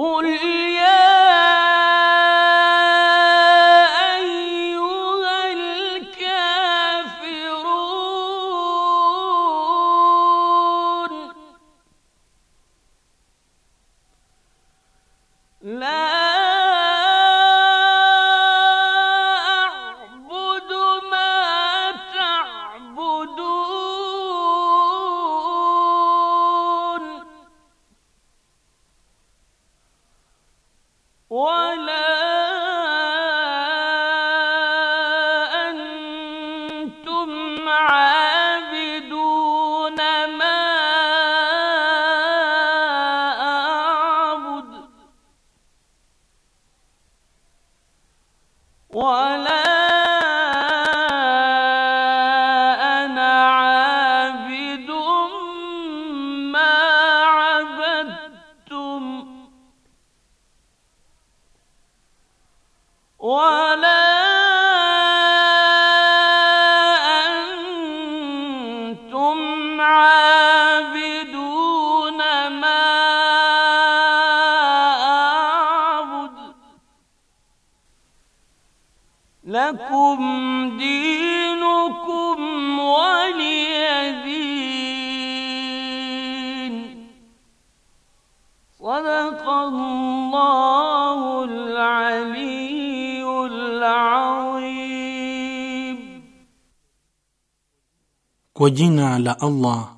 قل Lakum dinukum waliyadin. Sadakallahu al-aliyyul adhim. Kwa jina la Allah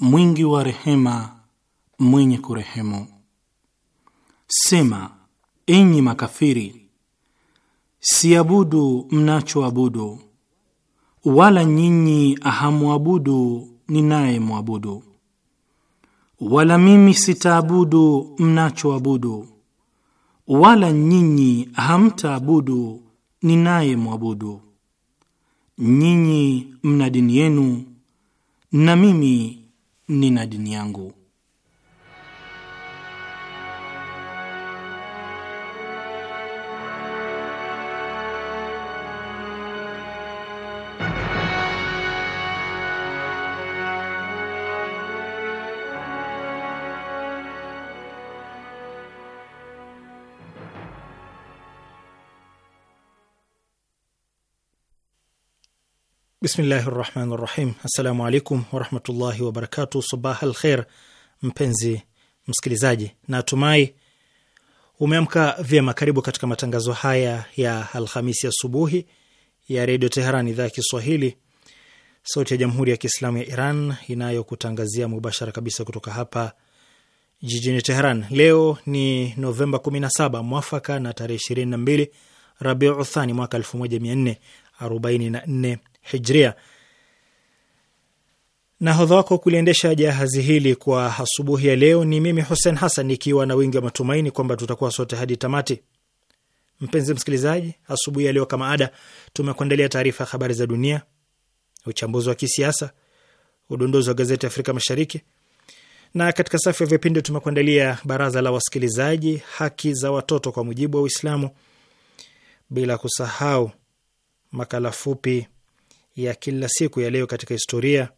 mwingi wa rehema mwenye kurehemu. Sema, enyi makafiri Siabudu mnachoabudu, wala nyinyi hamwabudu mwabudu wala mimi sitaabudu mnachoabudu, wala nyinyi hamtaabudu mwabudu Nyinyi mna dini yenu na mimi nina dini yangu. Bismillahi rahmani rahim. Assalamu alaikum warahmatullahi wabarakatu. Sabah al kher, mpenzi msikilizaji, natumai umeamka vyema. Karibu katika matangazo haya ya Alhamisi asubuhi ya Redio Teheran, idhaa ya Kiswahili, sauti ya Jamhuri ya Kiislamu ya Iran inayokutangazia mubashara kabisa kutoka hapa jijini Teheran. Leo ni Novemba 17 mwafaka na tarehe 22 Rabiu Thani mwaka 1444 hijria. Nahodha wako kuliendesha jahazi hili kwa asubuhi ya leo ni mimi Hussein Hassan, nikiwa na wingi wa matumaini kwamba tutakuwa sote hadi tamati. Mpenzi msikilizaji, asubuhi ya leo kama ada, tumekuandalia taarifa ya habari za dunia, uchambuzi wa kisiasa, udondozi wa gazeti Afrika Mashariki, na katika safu ya vipindi tumekuandalia baraza la wasikilizaji, haki za watoto kwa mujibu wa Uislamu, bila kusahau makala fupi ya kila siku ya leo katika historia,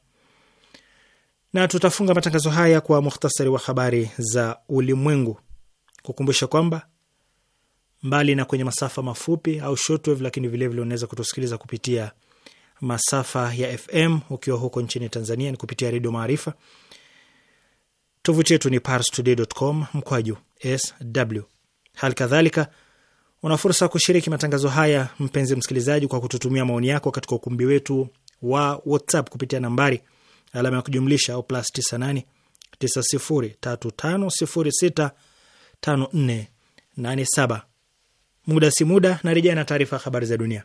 na tutafunga matangazo haya kwa muhtasari wa habari za ulimwengu, kukumbusha kwamba mbali na kwenye masafa mafupi au shortwave, lakini vilevile unaweza kutusikiliza kupitia masafa ya FM ukiwa huko nchini Tanzania ni kupitia Redio Maarifa. Tovuti yetu ni parstoday.com mkwaju sw. Hali kadhalika Una fursa ya kushiriki matangazo haya, mpenzi msikilizaji, kwa kututumia maoni yako katika ukumbi wetu wa WhatsApp kupitia nambari alama ya kujumlisha au plus 98 9035065487. Muda si muda narejea na taarifa ya habari za dunia.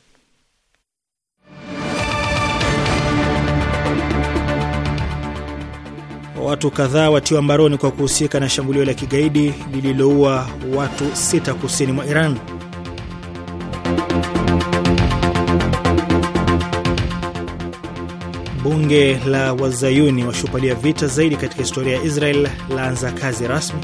watu kadhaa watiwa mbaroni kwa kuhusika na shambulio la kigaidi lililoua watu sita kusini mwa Iran. Bunge la wazayuni washupalia vita zaidi katika historia ya Israel laanza kazi rasmi.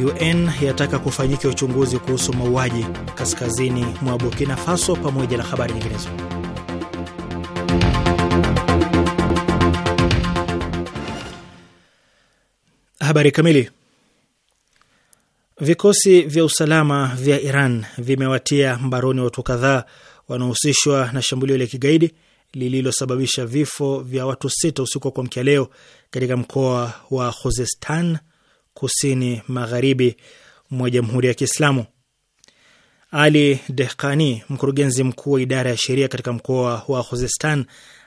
UN yataka kufanyika uchunguzi kuhusu mauaji kaskazini mwa Burkina Faso, pamoja na habari nyinginezo. Habari kamili. Vikosi vya usalama vya Iran vimewatia mbaroni watu kadhaa wanaohusishwa na shambulio la kigaidi lililosababisha vifo vya watu sita usiku wa kuamkia leo katika mkoa wa Khuzestan kusini magharibi mwa Jamhuri ya Kiislamu. Ali Dehkani, mkurugenzi mkuu wa idara ya sheria katika mkoa wa Khuzestan,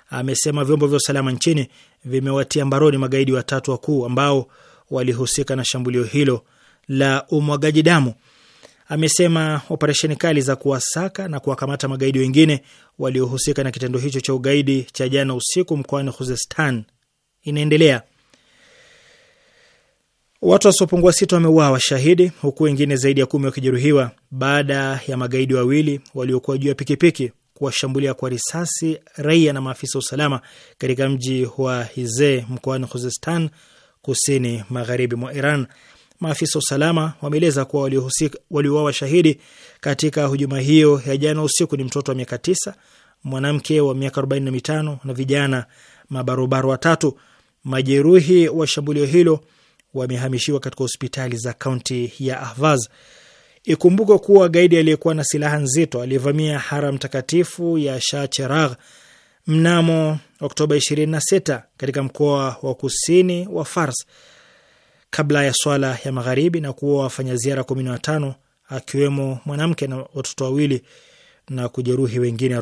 amesema vyombo vya usalama nchini vimewatia mbaroni magaidi watatu wakuu ambao walihusika na shambulio hilo la umwagaji damu. Amesema operesheni kali za kuwasaka na kuwakamata magaidi wengine waliohusika na kitendo hicho cha ugaidi cha jana usiku mkoani Khuzestan inaendelea. Watu wasiopungua sita wameuawa washahidi huku wengine zaidi ya kumi wakijeruhiwa baada ya magaidi wawili waliokuwa juu ya pikipiki kuwashambulia kwa risasi raia na maafisa wa usalama katika mji wa Hize mkoani Khuzestan, kusini magharibi mwa Iran. Maafisa wa usalama wameeleza kuwa waliuawa shahidi katika hujuma hiyo ya jana usiku ni mtoto wa miaka tisa, mwanamke wa miaka 45 na vijana mabarobaro watatu. Majeruhi wa shambulio hilo wamehamishiwa katika hospitali za kaunti ya Ahvaz. Ikumbukwe kuwa gaidi aliyekuwa na silaha nzito aliyevamia haram takatifu ya Shah Cheragh mnamo Oktoba 26 katika mkoa wa kusini wa Fars kabla ya swala ya magharibi na kuwa wafanya ziara 15 akiwemo mwanamke na watoto wawili na kujeruhi wengine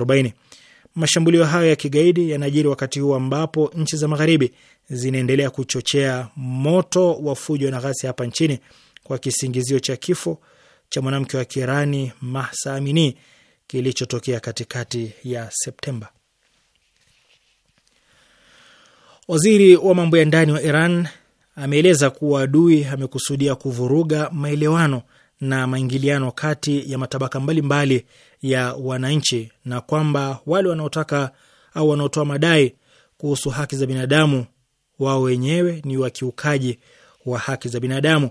Mashambulio hayo ya kigaidi yanajiri wakati huu ambapo nchi za magharibi zinaendelea kuchochea moto wa fujo na ghasia hapa nchini kwa kisingizio cha kifo cha mwanamke wa Kirani Mahsa Amini kilichotokea katikati ya Septemba. Waziri wa mambo ya ndani wa Iran ameeleza kuwa adui amekusudia kuvuruga maelewano na maingiliano kati ya matabaka mbalimbali mbali ya wananchi na kwamba wale wanaotaka au wanaotoa madai kuhusu haki za binadamu wao wenyewe ni wakiukaji wa haki za binadamu.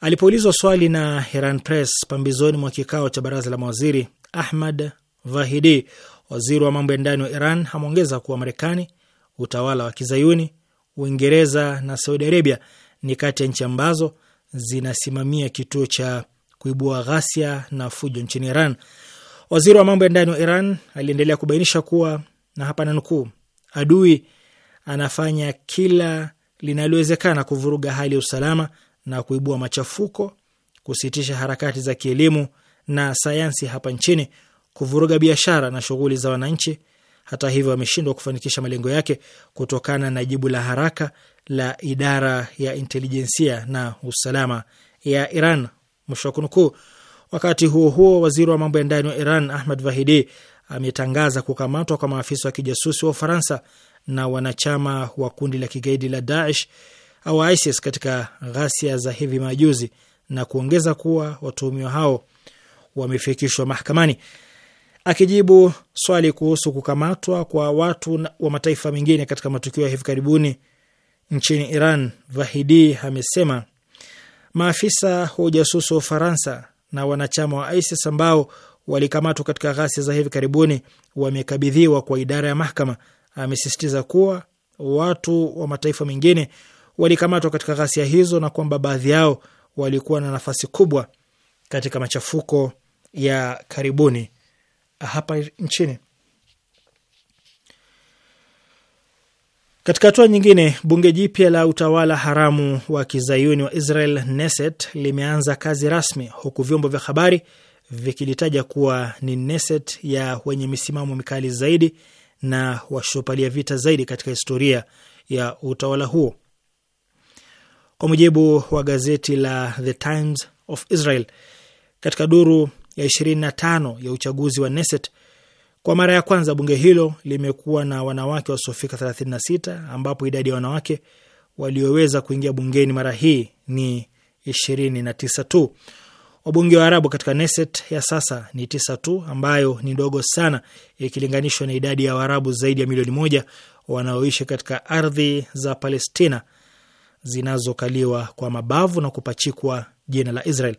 Alipoulizwa swali na Iran Press pambizoni mwa kikao cha baraza la mawaziri, Ahmad Vahidi, waziri wa mambo ya ndani wa Iran, ameongeza kuwa Marekani, utawala wa Kizayuni, Uingereza na Saudi Arabia ni kati ya nchi ambazo zinasimamia kituo cha kuibua ghasia na fujo nchini Iran. Waziri wa mambo ya ndani wa Iran aliendelea kubainisha kuwa na hapa nanukuu, adui anafanya kila linalowezekana kuvuruga hali ya usalama na kuibua machafuko, kusitisha harakati za kielimu na sayansi hapa nchini, kuvuruga biashara na shughuli za wananchi hata hivyo, ameshindwa kufanikisha malengo yake kutokana na jibu la haraka la idara ya intelijensia na usalama ya Iran, mwisho wa kunukuu. Wakati huo huo, waziri wa mambo ya ndani wa Iran Ahmad Vahidi ametangaza kukamatwa kwa maafisa wa kijasusi wa Ufaransa na wanachama wa kundi la kigaidi la Daesh au ISIS katika ghasia za hivi majuzi na kuongeza kuwa watuhumiwa hao wamefikishwa mahakamani. Akijibu swali kuhusu kukamatwa kwa watu wa mataifa mengine katika matukio ya hivi karibuni nchini Iran, Vahidi amesema maafisa wa ujasusi wa Ufaransa na wanachama wa ISIS ambao walikamatwa katika ghasia za hivi karibuni wamekabidhiwa kwa idara ya mahakama. Amesisitiza kuwa watu wa mataifa mengine walikamatwa katika ghasia hizo na kwamba baadhi yao walikuwa na nafasi kubwa katika machafuko ya karibuni hapa nchini. Katika hatua nyingine, bunge jipya la utawala haramu wa kizayuni wa Israel Neset limeanza kazi rasmi, huku vyombo vya habari vikilitaja kuwa ni Neset ya wenye misimamo mikali zaidi na washupalia vita zaidi katika historia ya utawala huo. Kwa mujibu wa gazeti la The Times of Israel, katika duru ya 25 ya uchaguzi wa Neset, kwa mara ya kwanza bunge hilo limekuwa na wanawake wasiofika 36 ambapo idadi ya wanawake walioweza kuingia bungeni mara hii ni 29 tu. Wabunge wa Arabu katika Neset ya sasa ni tisa tu, ambayo ni ndogo sana ikilinganishwa na idadi ya Waarabu zaidi ya milioni moja wanaoishi katika ardhi za Palestina zinazokaliwa kwa mabavu na kupachikwa jina la Israel.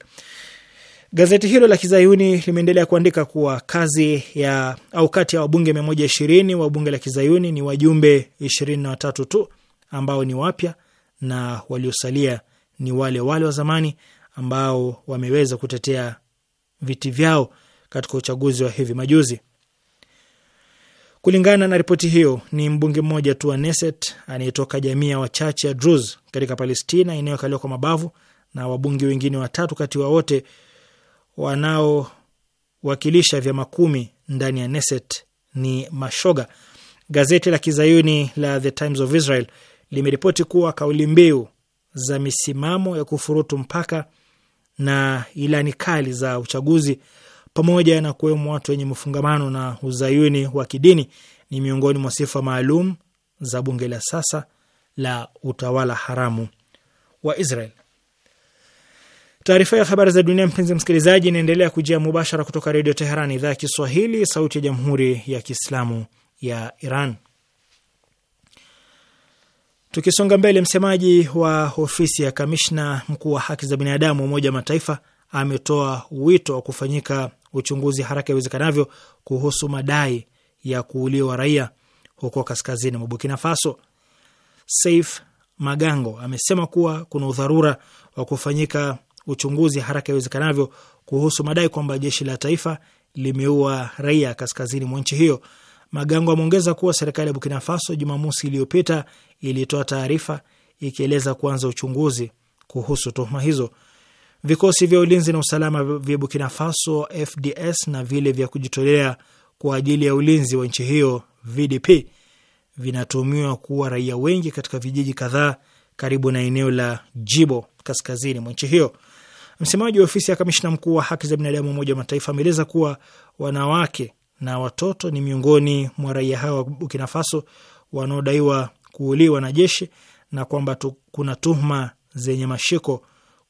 Gazeti hilo la kizayuni limeendelea kuandika kuwa kazi ya au kati ya wabunge mia moja ishirini wa bunge la kizayuni ni wajumbe ishirini na watatu tu ambao ni wapya na waliosalia ni wale wale wa zamani ambao wameweza kutetea viti vyao katika uchaguzi wa hivi majuzi. Kulingana na ripoti hiyo, ni mbunge mmoja tu wa Neset anayetoka jamii ya wachache ya Druze katika Palestina inayokaliwa kwa mabavu na wabunge wengine watatu kati wawote wanaowakilisha vyama kumi ndani ya Neset ni mashoga. Gazeti la kizayuni la The Times of Israel limeripoti kuwa kauli mbiu za misimamo ya kufurutu mpaka na ilani kali za uchaguzi pamoja na kuwemo watu wenye mfungamano na uzayuni wa kidini ni miongoni mwa sifa maalum za bunge la sasa la utawala haramu wa Israel. Taarifa ya habari za dunia, mpenzi msikilizaji, inaendelea kujia mubashara kutoka Redio Teheran, idhaa ya Kiswahili, sauti ya jamhuri ya kiislamu ya Iran. Tukisonga mbele, msemaji wa ofisi ya kamishna mkuu wa haki za binadamu wa Umoja wa Mataifa ametoa wito wa kufanyika uchunguzi haraka iwezekanavyo kuhusu madai ya kuuliwa raia huko kaskazini mwa Burkina Faso. Saif Magango amesema kuwa kuna udharura wa kufanyika uchunguzi haraka iwezekanavyo kuhusu madai kwamba jeshi la taifa limeua raia kaskazini mwa nchi hiyo. Magango ameongeza kuwa serikali ya Burkina Faso Jumamosi iliyopita ilitoa taarifa ikieleza kuanza uchunguzi kuhusu tuhuma hizo. Vikosi vya ulinzi na usalama vya Burkina Faso FDS na vile vya kujitolea kwa ajili ya ulinzi wa nchi hiyo VDP vinatumiwa kuwa raia wengi katika vijiji kadhaa karibu na eneo la Jibo kaskazini mwa nchi hiyo. Msemaji wa ofisi ya kamishna mkuu wa haki za binadamu Umoja wa Mataifa ameeleza kuwa wanawake na watoto ni miongoni mwa raia hao wa Burkina Faso wanaodaiwa kuuliwa na jeshi na kwamba kuna tuhuma zenye mashiko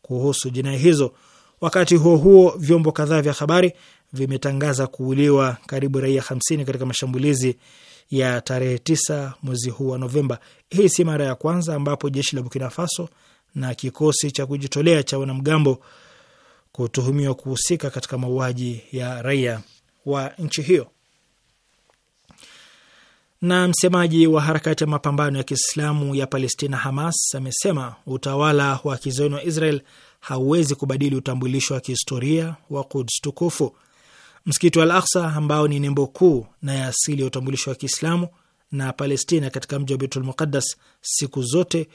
kuhusu jinai hizo. Wakati huo huo, vyombo kadhaa vya habari vimetangaza kuuliwa karibu raia hamsini katika mashambulizi ya tarehe tisa mwezi huu wa Novemba. Hii si mara ya kwanza ambapo jeshi la Burkina Faso na kikosi cha kujitolea cha wanamgambo kutuhumiwa kuhusika katika mauaji ya raia wa nchi hiyo. Na msemaji wa harakati ya mapambano ya Kiislamu ya Palestina, Hamas, amesema utawala wa kizayuni wa Israel hauwezi kubadili utambulisho wa kihistoria wa Kuds tukufu. Msikiti wa Al Aksa, ambao ni nembo kuu na ya asili ya utambulisho wa Kiislamu na Palestina katika mji wa Beitul Muqaddas, siku zote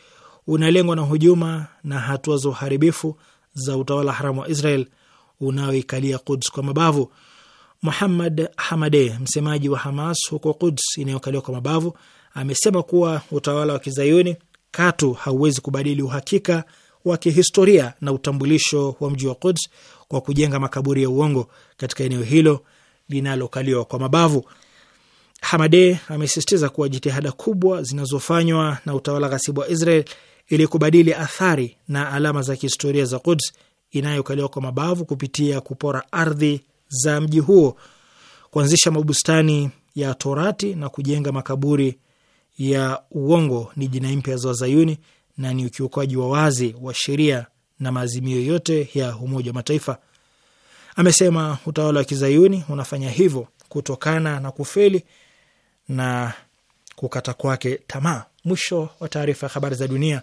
unalengwa na hujuma na hatua za uharibifu za utawala haramu wa Israel unaoikalia Quds kwa mabavu. Muhammad Hamade, msemaji wa Hamas huko Quds inayokaliwa kwa mabavu, amesema kuwa utawala wa kizayuni katu hauwezi kubadili uhakika wa kihistoria na utambulisho wa mji wa Quds kwa kujenga makaburi ya uongo katika eneo hilo linalokaliwa kwa mabavu. Hamade amesisitiza kuwa jitihada kubwa zinazofanywa na utawala ghasibu wa Israel ili kubadili athari na alama za kihistoria za Quds inayokaliwa kwa mabavu kupitia kupora ardhi za mji huo, kuanzisha mabustani ya Torati na kujenga makaburi ya uongo ni jinai mpya za Wazayuni na ni ukiukaji wa wazi wa sheria na maazimio yote ya Umoja wa Mataifa. Amesema utawala wa kizayuni unafanya hivyo kutokana na kufeli na kukata kwake tamaa. Mwisho wa taarifa ya habari za dunia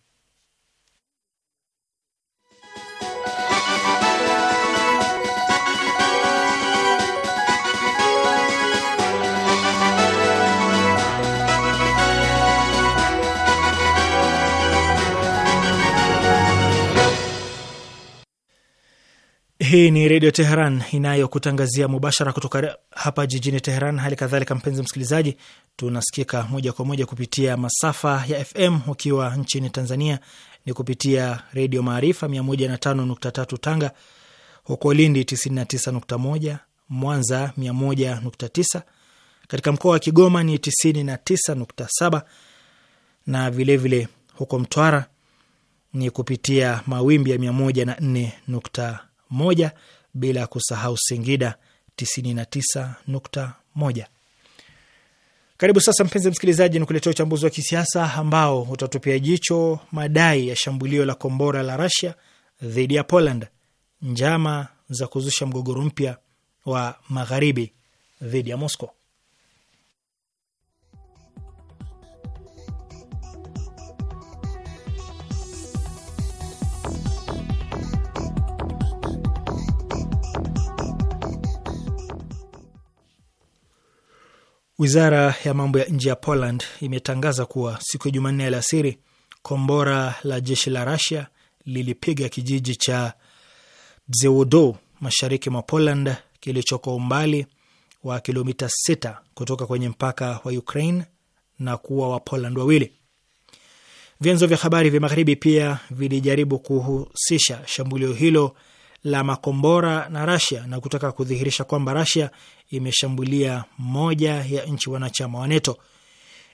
Hii ni Redio Teheran inayokutangazia mubashara kutoka hapa jijini Teheran. Hali kadhalika, mpenzi msikilizaji, tunasikika moja kwa moja kupitia masafa ya FM. Ukiwa nchini Tanzania ni kupitia Redio Maarifa 105.3 Tanga, huko Lindi 99.1, Mwanza 101.9, katika mkoa wa Kigoma ni 99.7 na vilevile vile huko Mtwara ni kupitia mawimbi ya 104 moja, bila ya kusahau Singida 99.1. Karibu sasa, mpenzi msikilizaji, ni kuletea uchambuzi wa kisiasa ambao utatupia jicho madai ya shambulio la kombora la Russia dhidi ya Poland, njama za kuzusha mgogoro mpya wa magharibi dhidi ya Moscow. Wizara ya mambo ya nje ya Poland imetangaza kuwa siku ya Jumanne alasiri kombora la jeshi la Rasia lilipiga kijiji cha Bzewodo mashariki mwa Poland kilichoko umbali wa kilomita sita kutoka kwenye mpaka wa Ukraine na kuwa Wapoland wawili. Vyanzo vya habari vya magharibi pia vilijaribu kuhusisha shambulio hilo la makombora na Rasia na kutaka kudhihirisha kwamba Rasia imeshambulia moja ya nchi wanachama wa NATO.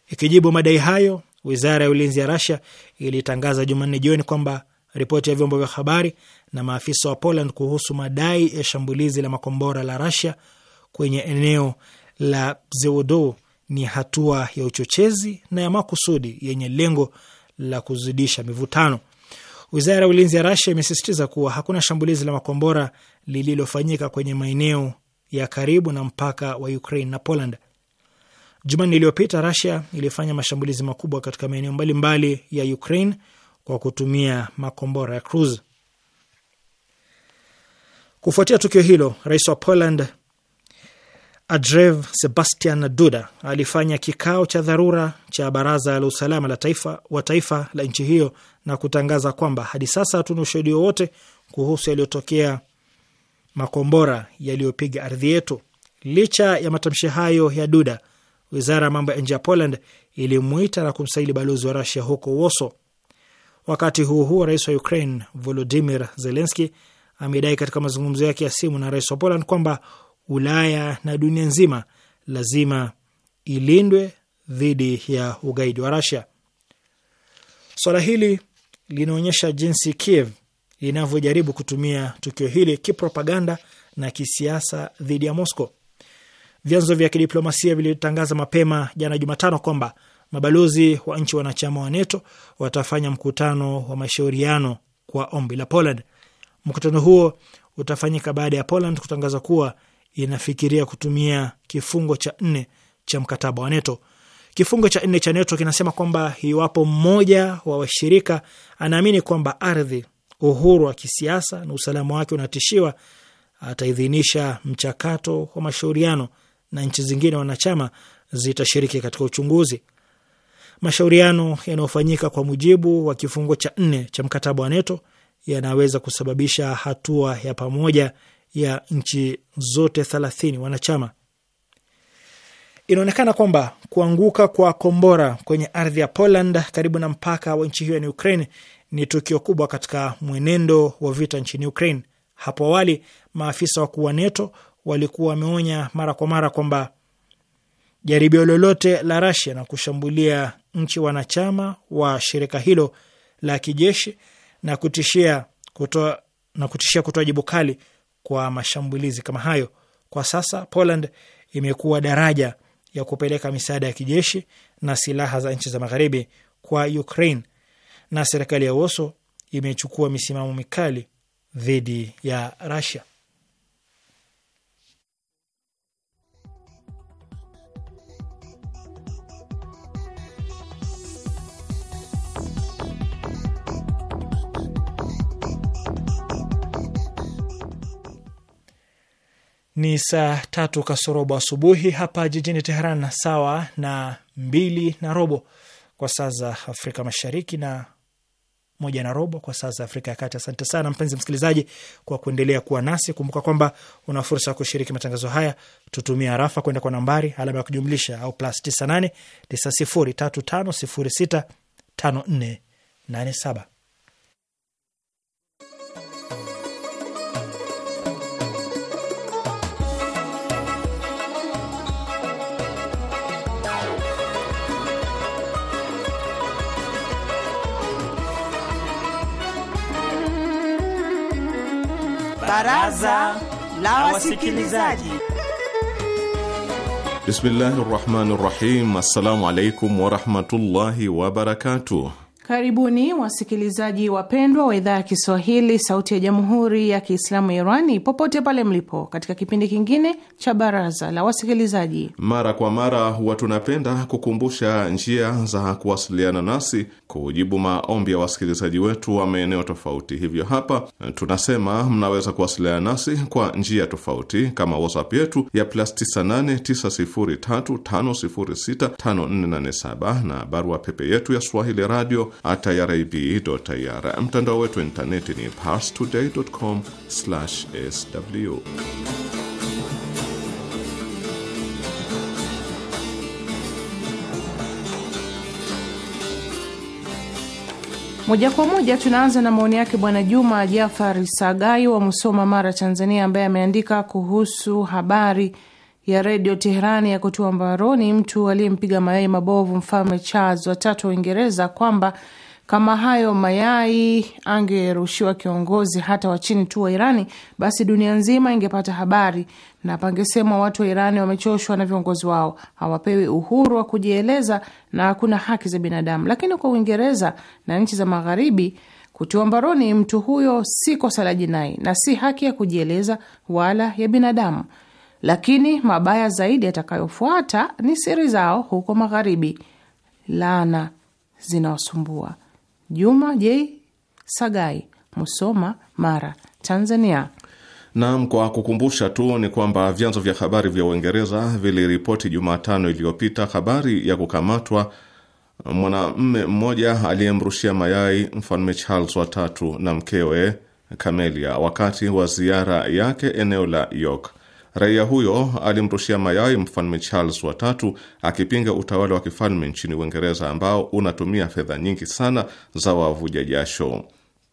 Ikijibu madai hayo, wizara ya ulinzi ya Rasia ilitangaza Jumanne jioni kwamba ripoti ya vyombo vya habari na maafisa wa Poland kuhusu madai ya shambulizi la makombora la Rasia kwenye eneo la Zewodo ni hatua ya uchochezi na ya makusudi yenye lengo la kuzidisha mivutano. Wizara ya ulinzi ya Rasia imesisitiza kuwa hakuna shambulizi la makombora lililofanyika kwenye maeneo ya karibu na mpaka wa Ukraine na Poland. Jumanne iliyopita Rasia ilifanya mashambulizi makubwa katika maeneo mbalimbali ya Ukraine kwa kutumia makombora ya cruise. Kufuatia tukio hilo, rais wa Poland Andrzej Sebastian Duda alifanya kikao cha dharura cha baraza la usalama la taifa wa taifa la nchi hiyo na kutangaza kwamba hadi sasa hatuna ushahidi wowote kuhusu yaliyotokea makombora yaliyopiga ardhi yetu. Licha ya matamshi hayo ya Duda, wizara ya mambo ya nje ya Poland ilimwita na kumsaili balozi wa Rasia huko Woso. Wakati huu huo, rais wa Ukraine Volodimir Zelenski amedai katika mazungumzo yake ya simu na rais wa Poland kwamba Ulaya na dunia nzima lazima ilindwe dhidi ya ugaidi wa Rasia. Swala hili linaonyesha jinsi Kiev linavyojaribu kutumia tukio hili kipropaganda na kisiasa dhidi ya Mosco. Vyanzo vya kidiplomasia vilitangaza mapema jana Jumatano kwamba mabalozi wa nchi wanachama wa NATO watafanya mkutano wa mashauriano kwa ombi la Poland. Mkutano huo utafanyika baada ya Poland kutangaza kuwa inafikiria kutumia kifungo cha nne cha mkataba wa NETO. Kifungo cha nne cha NETO kinasema kwamba iwapo mmoja wa washirika anaamini kwamba ardhi, uhuru wa kisiasa na usalama wake unatishiwa, ataidhinisha mchakato wa mashauriano na nchi zingine wanachama zitashiriki katika uchunguzi. Mashauriano yanayofanyika kwa mujibu wa kifungo cha nne cha mkataba wa NETO yanaweza kusababisha hatua ya pamoja ya nchi zote thelathini wanachama. Inaonekana kwamba kuanguka kwa kombora kwenye ardhi ya Poland karibu na mpaka wa nchi hiyo ya Ukraine ni tukio kubwa katika mwenendo wa vita nchini Ukraine. Hapo awali maafisa wakuu wa NATO walikuwa wameonya mara kwa mara kwamba jaribio lolote la Rasia na kushambulia nchi wanachama wa shirika hilo la kijeshi na kutishia kutoa na kutishia kutoa jibu kali kwa mashambulizi kama hayo. Kwa sasa Poland imekuwa daraja ya kupeleka misaada ya kijeshi na silaha za nchi za magharibi kwa Ukraine, na serikali ya Woso imechukua misimamo mikali dhidi ya Russia. ni saa tatu kasorobo asubuhi hapa jijini Teheran, sawa na mbili na robo kwa saa za Afrika Mashariki na moja na robo kwa saa za Afrika ya Kati. Asante sana mpenzi msikilizaji kwa kuendelea kuwa nasi. Kumbuka kwamba una fursa ya kushiriki matangazo haya, tutumia arafa kwenda kwa nambari alama ya kujumlisha au plus nane saba. Baraza la Wasikilizaji. Bismillahi rahmani rahim. Assalamu alaikum warahmatullahi wabarakatuh. Karibuni wasikilizaji wapendwa wa idhaa ya Kiswahili sauti ya jamhuri ya Kiislamu ya Irani popote pale mlipo, katika kipindi kingine cha baraza la wasikilizaji. Mara kwa mara huwa tunapenda kukumbusha njia za kuwasiliana nasi, kujibu maombi ya wasikilizaji wetu wa maeneo tofauti. Hivyo hapa tunasema mnaweza kuwasiliana nasi kwa njia tofauti, kama WhatsApp yetu ya plus 989035065487 na barua pepe yetu ya swahili radio at Mtandao wetu wa intaneti ni parstoday.com sw. Moja kwa moja tunaanza na maoni yake Bwana Juma Jafari Sagai wa Musoma, Mara, Tanzania, ambaye ameandika kuhusu habari ya redio Teherani ya kutua mbaroni mtu aliyempiga mayai mabovu mfalme Charles watatu wa Uingereza kwamba kama hayo mayai angerushiwa kiongozi hata wa chini tu wa Irani, basi dunia nzima ingepata habari na pangesema watu wa Irani wamechoshwa na viongozi wao, hawapewi uhuru wa kujieleza na hakuna haki za binadamu. Lakini kwa Uingereza na nchi za Magharibi, kutiwa mbaroni mtu huyo si kosa la jinai na si haki ya kujieleza wala ya binadamu lakini mabaya zaidi yatakayofuata ni siri zao huko magharibi. Laana zinawasumbua. Juma J Sagai, Musoma, Mara, Tanzania. Naam, kwa kukumbusha tu ni kwamba vyanzo vya habari vya Uingereza viliripoti Jumatano iliyopita habari ya kukamatwa mwanamme mmoja aliyemrushia mayai mfalme Charles watatu na mkewe Kamelia wakati wa ziara yake eneo la York. Raia huyo alimrushia mayai mfalme Charles watatu akipinga utawala wa kifalme nchini Uingereza ambao unatumia fedha nyingi sana za wavuja jasho,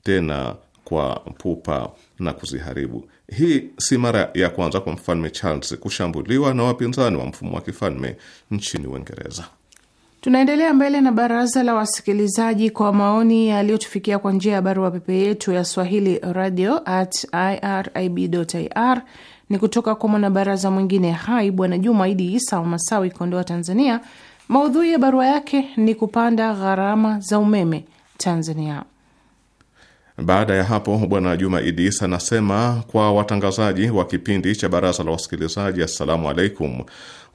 tena kwa pupa na kuziharibu. Hii si mara ya kwanza kwa mfalme Charles kushambuliwa na wapinzani wa mfumo wa kifalme nchini Uingereza. Tunaendelea mbele na baraza la wasikilizaji kwa maoni yaliyotufikia kwa njia ya barua pepe yetu ya swahili radio at irib.ir ni kutoka kwa mwanabaraza mwingine hai Bwana Juma Idi Isa wa Masawi, Kondoa, Tanzania. Maudhui ya barua yake ni kupanda gharama za umeme Tanzania. Baada ya hapo Bwana Juma Idi Isa anasema kwa watangazaji wa kipindi cha Baraza la Wasikilizaji, assalamu alaikum.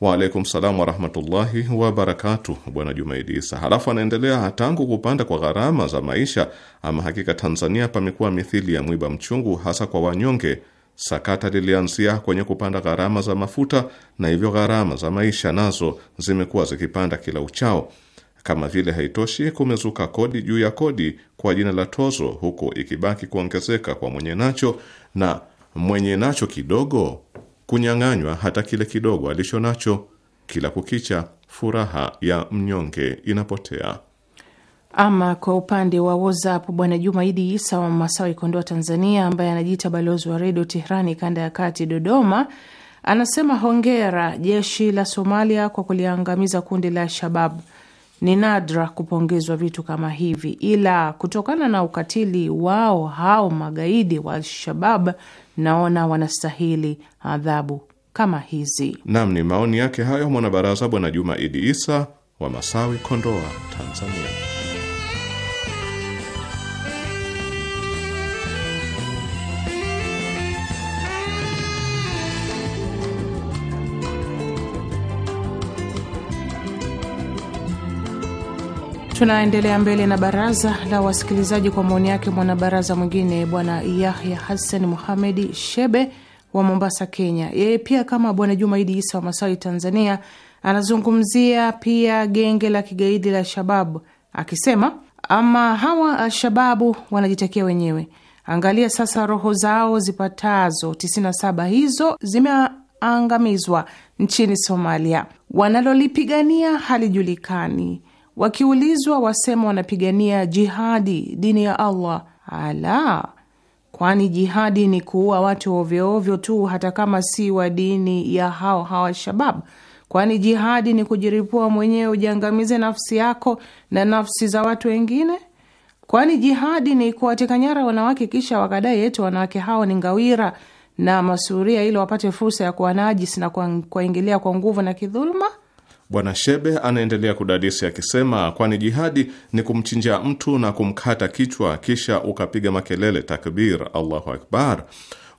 Waalaikum salam warahmatullahi wabarakatu, Bwana Juma Idi Isa. Halafu anaendelea, tangu kupanda kwa gharama za maisha, ama hakika Tanzania pamekuwa mithili ya mwiba mchungu, hasa kwa wanyonge Sakata lilianzia kwenye kupanda gharama za mafuta na hivyo gharama za maisha nazo zimekuwa zikipanda kila uchao. Kama vile haitoshi, kumezuka kodi juu ya kodi kwa jina la tozo, huku ikibaki kuongezeka kwa mwenye nacho na mwenye nacho kidogo kunyang'anywa hata kile kidogo alicho nacho. Kila kukicha, furaha ya mnyonge inapotea. Ama kwa upande wa WhatsApp, bwana Jumaidi Isa wa Masawi, Kondoa, Tanzania, ambaye anajiita balozi wa redio tehrani kanda ya kati, Dodoma, anasema hongera jeshi la Somalia kwa kuliangamiza kundi la Shabab. Ni nadra kupongezwa vitu kama hivi, ila kutokana na ukatili wao hao magaidi wa Alshabab, naona wanastahili adhabu kama hizi. Nam, ni maoni yake hayo mwanabaraza bwana Juma Idi Isa wa Masawi, Kondoa, Tanzania. Tunaendelea mbele na baraza la wasikilizaji kwa maoni yake mwanabaraza mwingine bwana Yahya Hassan Muhamedi Shebe wa Mombasa, Kenya. Yeye pia kama bwana Jumaidi Isa wa Masawi, Tanzania, anazungumzia pia genge la kigaidi la Shababu akisema, ama hawa Alshababu wanajitakia wenyewe. Angalia sasa roho zao zipatazo 97 hizo zimeangamizwa nchini Somalia, wanalolipigania halijulikani Wakiulizwa wasema wanapigania jihadi, dini ya Allah. Ala, kwani jihadi ni kuua watu ovyoovyo tu, hata kama si wa dini ya hao hawa Shabab? Kwani jihadi ni kujiripua mwenyewe ujiangamize nafsi yako na nafsi za watu wengine? Kwani jihadi ni kuwateka nyara wanawake kisha wakadai yetu wanawake hao ni ngawira na masuria, ili wapate fursa ya kuwanajisi na kuwaingilia kwa nguvu na kidhuluma? Bwana Shebe anaendelea kudadisi akisema, kwani jihadi ni kumchinja mtu na kumkata kichwa kisha ukapiga makelele takbir, Allahu akbar,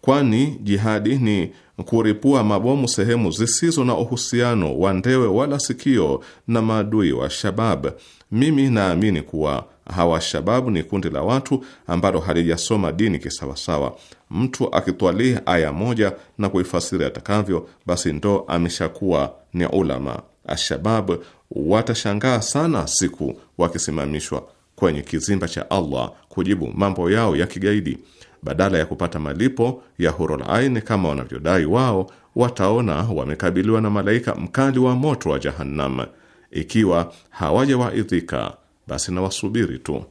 kwani jihadi ni kuripua mabomu sehemu zisizo na uhusiano wa ndewe wala sikio na maadui wa Shabab. Mimi naamini kuwa hawa shababu ni kundi la watu ambalo halijasoma dini kisawasawa. Mtu akitwalii aya moja na kuifasiri atakavyo, basi ndo ameshakuwa ni ulama. Alshabab watashangaa sana siku wakisimamishwa kwenye kizimba cha Allah kujibu mambo yao ya kigaidi. Badala ya kupata malipo ya hurul ain kama wanavyodai wao, wataona wamekabiliwa na malaika mkali wa moto wa Jahannam. Ikiwa hawajawaidhika, basi na wasubiri tu.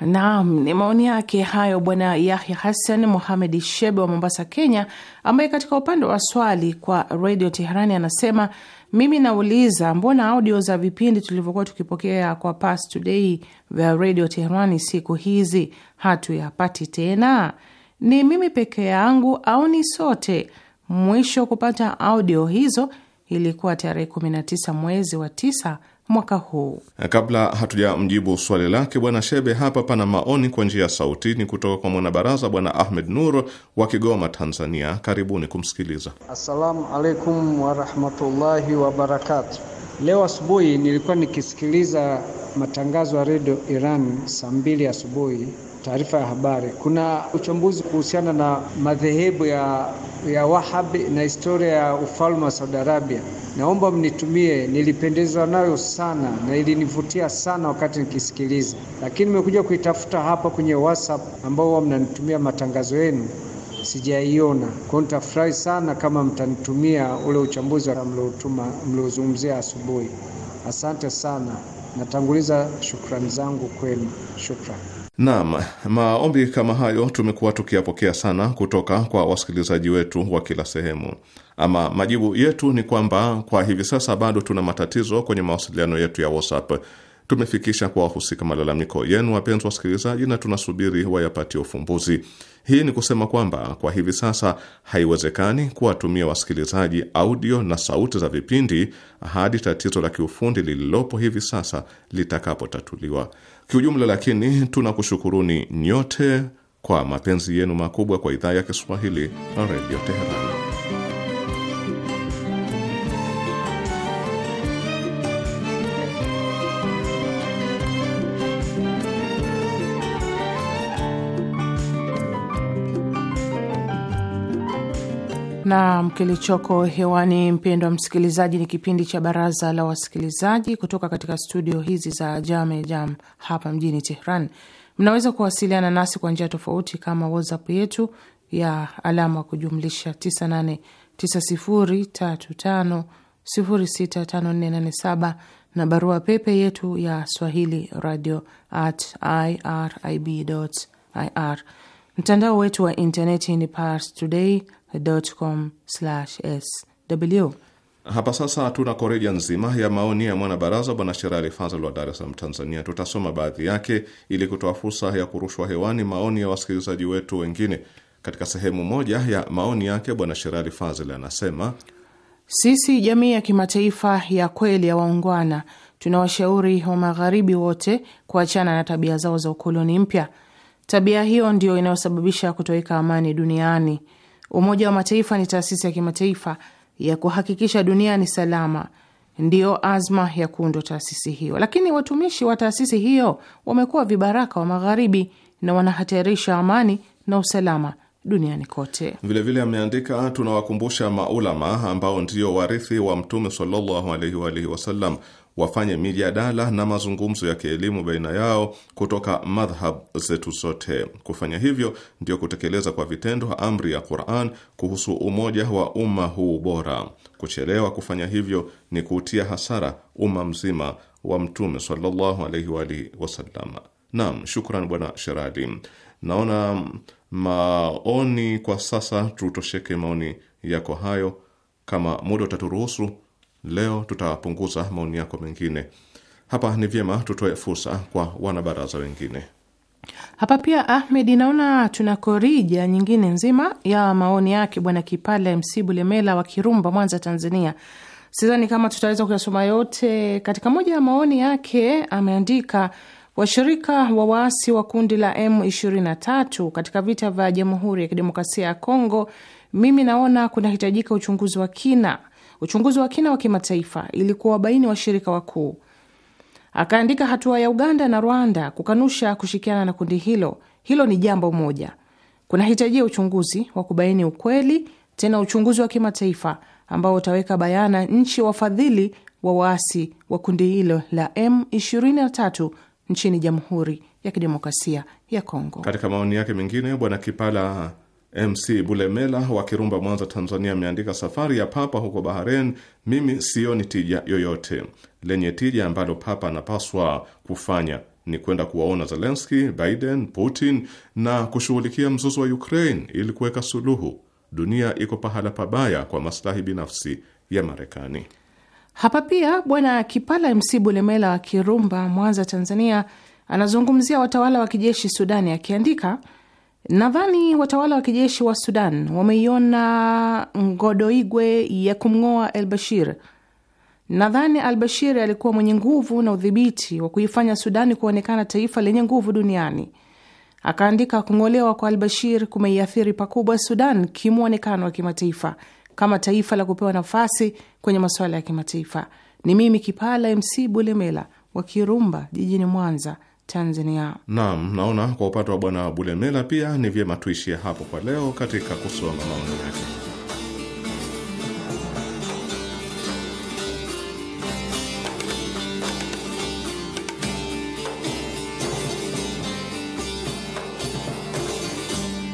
Naam, ni maoni yake hayo Bwana Yahya Hassan Muhamedi Shebe wa Mombasa, Kenya, ambaye katika upande wa swali kwa redio Teherani anasema mimi nauliza mbona audio za vipindi tulivyokuwa tukipokea kwa Pars Today vya Radio Teherani siku hizi hatuyapati tena? Ni mimi peke yangu au ni sote? Mwisho kupata audio hizo ilikuwa tarehe 19 mwezi wa 9 mwaka huu. Eh, kabla hatuja mjibu swali lake bwana Shebe, hapa pana maoni kwa njia ya sauti, ni kutoka kwa mwanabaraza bwana Ahmed Nur wa Kigoma, Tanzania. Karibuni kumsikiliza. Assalamu alaikum warahmatullahi wabarakatu. Leo asubuhi nilikuwa nikisikiliza matangazo ya redio Iran saa mbili asubuhi taarifa ya habari. Kuna uchambuzi kuhusiana na madhehebu ya, ya Wahabi na historia ya ufalme wa Saudi Arabia. Naomba mnitumie, nilipendezwa nayo sana na ilinivutia sana wakati nikisikiliza, lakini nimekuja kuitafuta hapa kwenye WhatsApp ambao mnanitumia matangazo yenu sijaiona. Kwa nitafurahi sana kama mtanitumia ule uchambuzi mliotuma mliozungumzia asubuhi. Asante sana, natanguliza shukrani zangu kwenu. Shukrani. Naam, maombi kama hayo tumekuwa tukiyapokea sana kutoka kwa wasikilizaji wetu wa kila sehemu. Ama majibu yetu ni kwamba kwa hivi sasa bado tuna matatizo kwenye mawasiliano yetu ya WhatsApp. Tumefikisha kwa wahusika malalamiko yenu, wapenzi wasikilizaji, na tunasubiri wayapatie ufumbuzi. Hii ni kusema kwamba kwa hivi sasa haiwezekani kuwatumia wasikilizaji audio na sauti za vipindi hadi tatizo la kiufundi lililopo hivi sasa litakapotatuliwa. Kiujumla lakini tunakushukuruni nyote kwa mapenzi yenu makubwa kwa idhaa ya Kiswahili na Redio Teherani. Nam, kilichoko hewani mpendwa msikilizaji, ni kipindi cha baraza la wasikilizaji kutoka katika studio hizi za Jame Jam hapa mjini Tehran. Mnaweza kuwasiliana nasi kwa njia tofauti kama WhatsApp yetu ya alama kujumlisha 989035065487 na barua pepe yetu ya swahili radio at Mtandao wetu wa intaneti ni Pars Today sw. Hapa sasa tuna koreja nzima ya maoni ya mwanabaraza Bwana Sherali Fazal wa Dar es Salaam, Tanzania. Tutasoma baadhi yake ili kutoa fursa ya kurushwa hewani maoni ya wasikilizaji wetu wengine. Katika sehemu moja ya maoni yake Bwana Sherali Fazil anasema sisi jamii ya kimataifa ya kweli ya waungwana tunawashauri wa magharibi wote kuachana na tabia zao za ukoloni mpya. Tabia hiyo ndiyo inayosababisha kutoweka amani duniani. Umoja wa Mataifa ni taasisi ya kimataifa ya kuhakikisha dunia ni salama. Ndiyo azma ya kuundwa taasisi hiyo, lakini watumishi wa taasisi hiyo wamekuwa vibaraka wa Magharibi na wanahatarisha amani na usalama duniani kote. Vilevile ameandika, tunawakumbusha maulama ambao ndio warithi wa Mtume sallallahu alaihi wa alihi wasallam wafanye mijadala na mazungumzo ya kielimu baina yao kutoka madhhab zetu zote. Kufanya hivyo ndio kutekeleza kwa vitendo amri ya Quran kuhusu umoja wa umma huu bora. Kuchelewa kufanya hivyo ni kuutia hasara umma mzima wa Mtume sallallahu alaihi wa alihi wasallam. Naam, shukran Bwana Sherali. Naona maoni kwa sasa, tutosheke maoni yako hayo, kama muda utaturuhusu Leo tutapunguza maoni yako mengine. Hapa ni vyema tutoe fursa kwa wanabaraza wengine. Hapa pia Ahmed, inaona tuna korija nyingine nzima ya maoni yake bwana Kipale Msibu Lemela wa Kirumba, Mwanza, Tanzania. Sidhani kama tutaweza kuyasoma yote. Katika moja ya maoni yake ameandika, washirika wa waasi wa kundi la M23 katika vita vya Jamhuri ya Kidemokrasia ya Kongo, mimi naona kunahitajika uchunguzi wa kina uchunguzi wa kina wa kimataifa ili kuwabaini washirika wakuu. Akaandika hatua ya Uganda na Rwanda kukanusha kushirikiana na kundi hilo, hilo ni jambo moja, kunahitajia uchunguzi wa kubaini ukweli, tena uchunguzi wa kimataifa ambao utaweka bayana nchi wafadhili wa waasi wa kundi hilo la M23 nchini Jamhuri ya Kidemokrasia ya Kongo. Katika maoni yake mengine, Bwana Kipala MC Bulemela wa Kirumba, Mwanza, Tanzania, ameandika safari ya Papa huko Bahrain, mimi sioni tija yoyote. Lenye tija ambalo Papa anapaswa kufanya ni kwenda kuwaona Zelenski, Biden, Putin na kushughulikia mzozo wa Ukraine ili kuweka suluhu. Dunia iko pahala pabaya kwa maslahi binafsi ya Marekani. Hapa pia Bwana Kipala MC Bulemela wa Kirumba, Mwanza, Tanzania, anazungumzia watawala wa kijeshi Sudani akiandika Nadhani watawala wa kijeshi wa Sudan wameiona ngodoigwe ya kumng'oa al Bashir. Nadhani al Bashir alikuwa mwenye nguvu na udhibiti wa kuifanya Sudani kuonekana taifa lenye nguvu duniani. Akaandika, kung'olewa kwa al Bashir kumeiathiri pakubwa Sudan kimwonekano wa kimataifa kama taifa la kupewa nafasi kwenye masuala ya kimataifa. Ni mimi Kipala MC Bulemela wa Kirumba jijini Mwanza Tanzania. Naam, naona kwa upande wa Bwana Bulemela pia ni vyema tuishie hapo kwa leo katika kusoma maoni yake.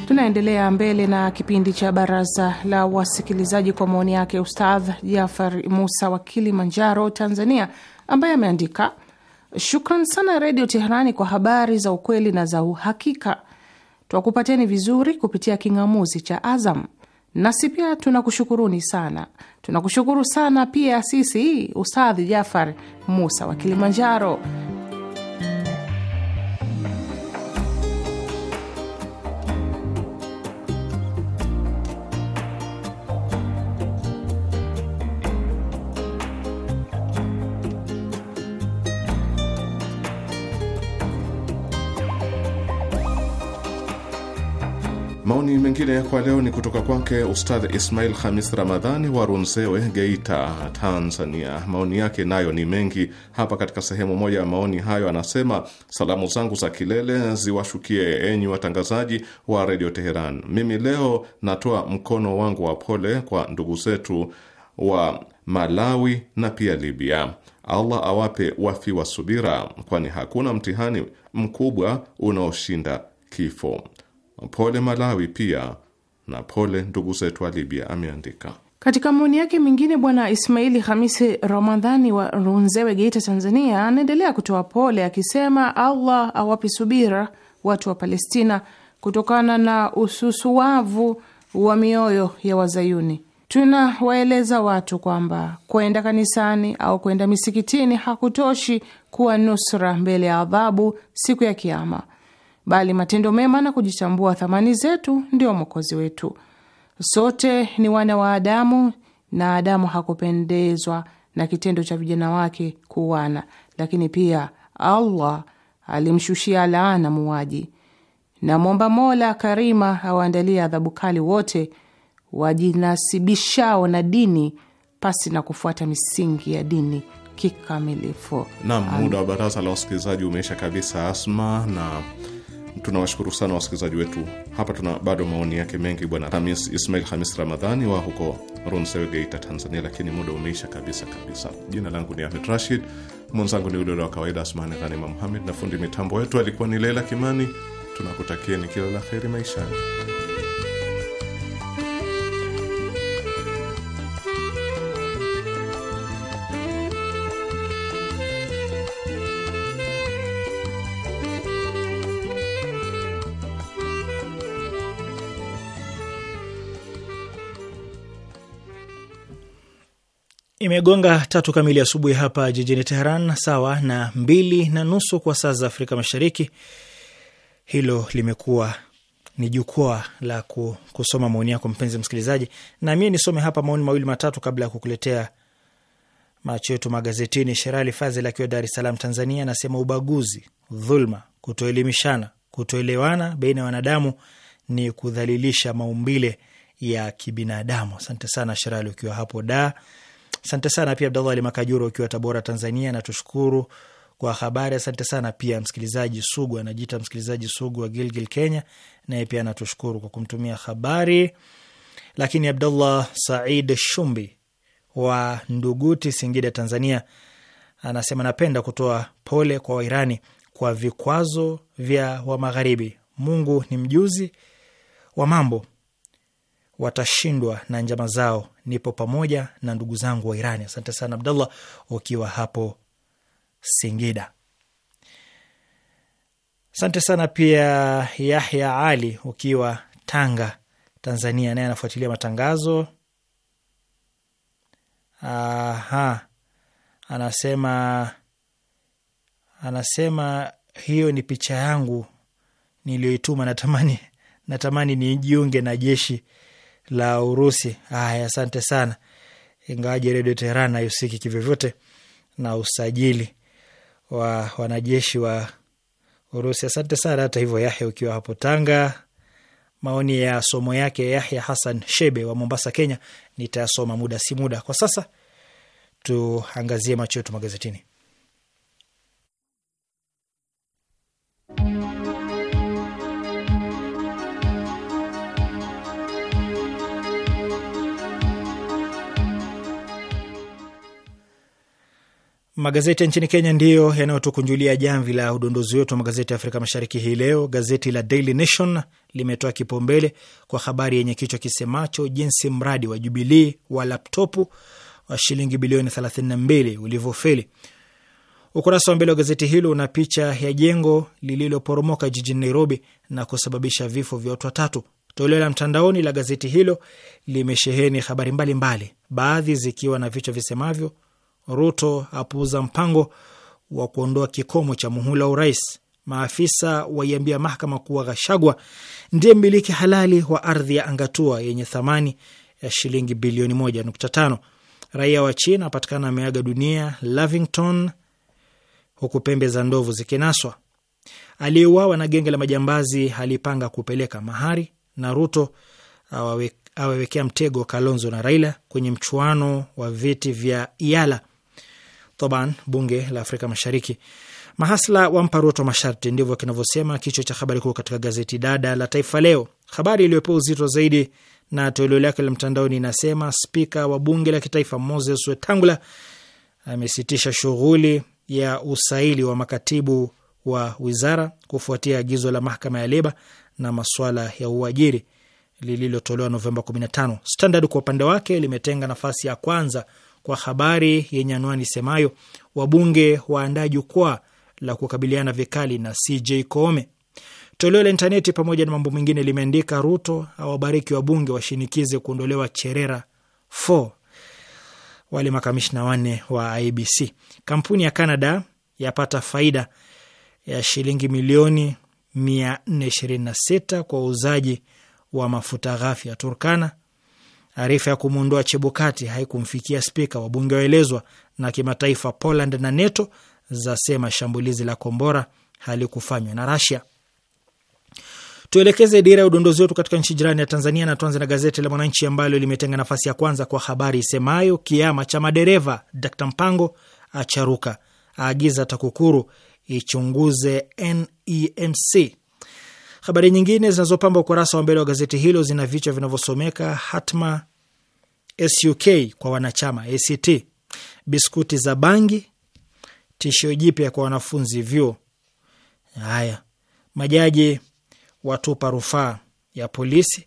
Tunaendelea mbele na kipindi cha baraza la wasikilizaji kwa maoni yake Ustadh Jafar Musa wa Kilimanjaro, Tanzania, ambaye ameandika Shukran sana Redio Teherani kwa habari za ukweli na za uhakika. Twakupateni vizuri kupitia king'amuzi cha Azam, nasi pia tunakushukuruni sana. Tunakushukuru sana pia sisi Ustadhi Jafar Musa wa Kilimanjaro Maoni mengine kwa leo ni kutoka kwake Ustadh Ismail Khamis Ramadhani wa Runzewe, Geita, Tanzania. Maoni yake nayo ni mengi. Hapa katika sehemu moja ya maoni hayo anasema, salamu zangu za kilele ziwashukie enyi watangazaji wa redio Teheran. Mimi leo natoa mkono wangu wa pole kwa ndugu zetu wa Malawi na pia Libya. Allah awape wafiwa subira, kwani hakuna mtihani mkubwa unaoshinda kifo. Pole Malawi pia na pole ndugu zetu wa Libya, ameandika. Katika maoni yake mingine, Bwana Ismaili Hamisi Ramadhani wa Runzewe, Geita, Tanzania, anaendelea kutoa pole akisema, Allah awape subira watu wa Palestina kutokana na ususuavu wa mioyo ya Wazayuni. Tunawaeleza watu kwamba kwenda kanisani au kwenda misikitini hakutoshi kuwa nusra mbele ya adhabu siku ya Kiama bali matendo mema na kujitambua thamani zetu ndio mwokozi wetu. Sote ni wana wa Adamu na Adamu hakupendezwa na kitendo cha vijana wake kuuana, lakini pia Allah alimshushia laana muwaji Namwomba Mola Karima awaandalie adhabu kali wote wajinasibishao na dini pasi na kufuata misingi ya dini kikamilifu. Naam, muda wa baraza la wasikilizaji umeisha kabisa, Asma na tunawashukuru sana wasikilizaji wetu. Hapa tuna bado maoni yake mengi, Bwana Hamis Ismail Hamis Ramadhani wa huko runsewe Geita, Tanzania, lakini muda umeisha kabisa kabisa. Jina langu ni Ahmed Rashid, mwenzangu ni yule wa kawaida Asmani Ghanima Muhamed, na fundi mitambo wetu alikuwa ni Leila Kimani. Tunakutakieni kila la kheri maishani. Imegonga tatu kamili asubuhi hapa jijini Teheran, sawa na mbili na nusu kwa saa za Afrika Mashariki. Hilo limekuwa ni jukwaa la kusoma maoni yako mpenzi msikilizaji, na mie nisome hapa maoni mawili matatu kabla ya kukuletea macho yetu magazetini. Sherali Fazil akiwa Dar es Salaam, Tanzania, anasema ubaguzi, dhulma, kutoelimishana, kutoelewana baina ya wanadamu ni kudhalilisha maumbile ya kibinadamu. Asante sana Sherali ukiwa hapo da Asante sana pia Abdallah Ali Makajuru ukiwa Tabora, Tanzania, natushukuru kwa habari. Asante sana pia msikilizaji sugu, anajiita msikilizaji sugu wa Gilgil, Kenya, naye pia anatushukuru kwa kumtumia habari. Lakini Abdullah Said Shumbi wa Nduguti, Singida, Tanzania, anasema napenda kutoa pole kwa Wairani kwa vikwazo vya wa Magharibi. Mungu ni mjuzi wa mambo, watashindwa na njama zao, nipo pamoja na ndugu zangu wa Irani. Asante sana Abdallah, ukiwa hapo Singida. Asante sana pia Yahya Ali ukiwa Tanga, Tanzania, naye anafuatilia matangazo. Aha, anasema anasema hiyo ni picha yangu niliyoituma, natamani natamani nijiunge na jeshi la Urusi. Haya, asante sana, ingawaje Redio Teheran haihusiki kivyovyote na usajili wa wanajeshi wa Urusi. Asante sana hata hivyo, Yahya ukiwa hapo Tanga. Maoni ya somo yake Yahya hasan Shebe wa Mombasa, Kenya, nitayasoma muda si muda. Kwa sasa tuangazie macho yetu magazetini. Magazeti ya nchini Kenya ndiyo yanayotukunjulia jamvi la udondozi wetu wa magazeti ya Afrika Mashariki hii leo. Gazeti la Daily Nation limetoa kipaumbele kwa habari yenye kichwa kisemacho jinsi mradi wa Jubilii wa laptopu wa shilingi bilioni 32 ulivyofeli. Ukurasa wa mbele wa gazeti hilo una picha ya jengo lililoporomoka jijini Nairobi na kusababisha vifo vya watu watatu. Toleo la mtandaoni la gazeti hilo limesheheni habari mbalimbali, baadhi zikiwa na vichwa visemavyo Ruto apuuza mpango wa kuondoa kikomo cha muhula wa urais. Maafisa waiambia mahakama kuwa Ghashagwa ndiye mmiliki halali wa ardhi ya Angatua yenye thamani ya shilingi bilioni 1.5. Raia wa China apatikana ameaga dunia Lavington, huku pembe za ndovu zikinaswa. Aliyeuawa na genge la majambazi alipanga kupeleka mahari, na Ruto awawekea mtego Kalonzo na Raila kwenye mchuano wa viti vya Iala Taban, bunge la Afrika Mashariki. Mahasla wampa Ruto masharti, ndivyo kinavyosema kichwa cha habari kuu katika gazeti dada la Taifa Leo. Habari iliyopewa uzito zaidi na toleo lake la mtandaoni inasema spika wa bunge la kitaifa Moses Wetangula amesitisha shughuli ya usaili wa makatibu wa wizara kufuatia agizo la mahakama ya leba na maswala ya uajiri lililotolewa Novemba 15. Standard kwa upande wake limetenga nafasi ya kwanza kwa habari yenye anwani semayo wabunge waandaa jukwaa la kukabiliana vikali na CJ Koome. Toleo la intaneti pamoja na mambo mengine limeandika Ruto awabariki wabunge washinikize kuondolewa Cherera 4 wale makamishna wanne wa IBC. Kampuni ya Canada yapata faida ya shilingi milioni 426 kwa uuzaji wa mafuta ghafi ya Turkana Taarifa ya kumwondoa Chebukati haikumfikia spika, wabunge waelezwa. Na kimataifa, Poland na NATO zasema shambulizi la kombora halikufanywa na Rasia. Tuelekeze dira ya udondozi wetu katika nchi jirani ya Tanzania, na tuanze na gazeti la Mwananchi ambalo limetenga nafasi ya kwanza kwa habari isemayo kiama cha madereva, Dkt Mpango acharuka, aagiza TAKUKURU ichunguze NEMC. Habari nyingine zinazopamba ukurasa wa mbele wa gazeti hilo zina vichwa vinavyosomeka hatma SUK kwa wanachama ACT, biskuti za bangi, tishio jipya kwa wanafunzi vyuo. Haya, majaji watupa rufaa ya polisi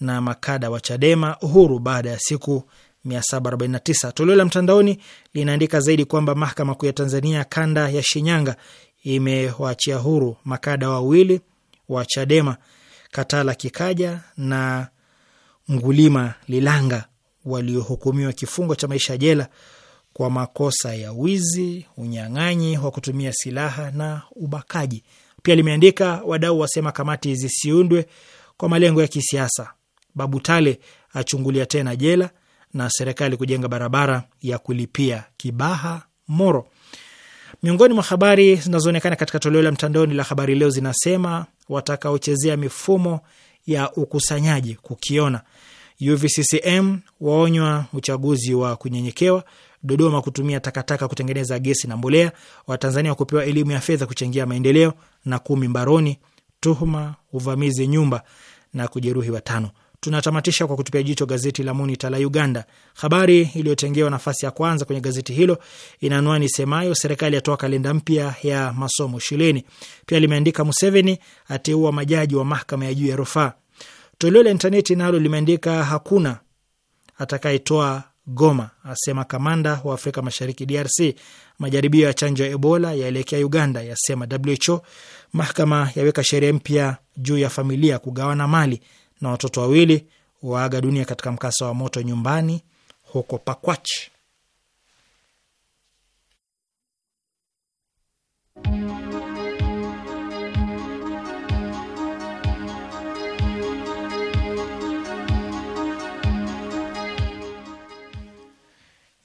na makada wa Chadema uhuru baada ya siku 749. Toleo la mtandaoni linaandika zaidi kwamba mahakama kuu ya Tanzania kanda ya Shinyanga imewaachia huru makada wawili wa Chadema Katala Kikaja na Ngulima Lilanga waliohukumiwa kifungo cha maisha jela kwa makosa ya wizi, unyang'anyi wa kutumia silaha na ubakaji. Pia limeandika wadau wasema kamati zisiundwe kwa malengo ya kisiasa. Babu Tale achungulia tena jela na serikali kujenga barabara ya kulipia Kibaha Moro. Miongoni mwa habari zinazoonekana katika toleo la mtandaoni la Habari Leo zinasema watakaochezea mifumo ya ukusanyaji kukiona. UVCCM waonywa uchaguzi wa kunyenyekewa. Dodoma kutumia takataka kutengeneza gesi na mbolea. Watanzania kupewa elimu ya fedha kuchangia maendeleo. na kumi mbaroni, tuhuma uvamizi nyumba na kujeruhi watano. Tunatamatisha kwa kutupia jicho gazeti la Monita la Uganda. Habari iliyotengewa nafasi ya kwanza kwenye gazeti hilo ina anwani isemayo serikali yatoa kalenda mpya ya masomo shuleni. Pia limeandika Museveni ateua majaji wa mahakama ya juu ya rufaa. Toleo la intaneti nalo limeandika hakuna atakayetoa Goma, asema kamanda wa Afrika Mashariki DRC. Majaribio ya chanjo ya Ebola yaelekea Uganda, yasema WHO. Mahakama yaweka sheria mpya juu ya familia kugawana mali na watoto wawili waaga dunia katika mkasa wa moto nyumbani huko Pakwach.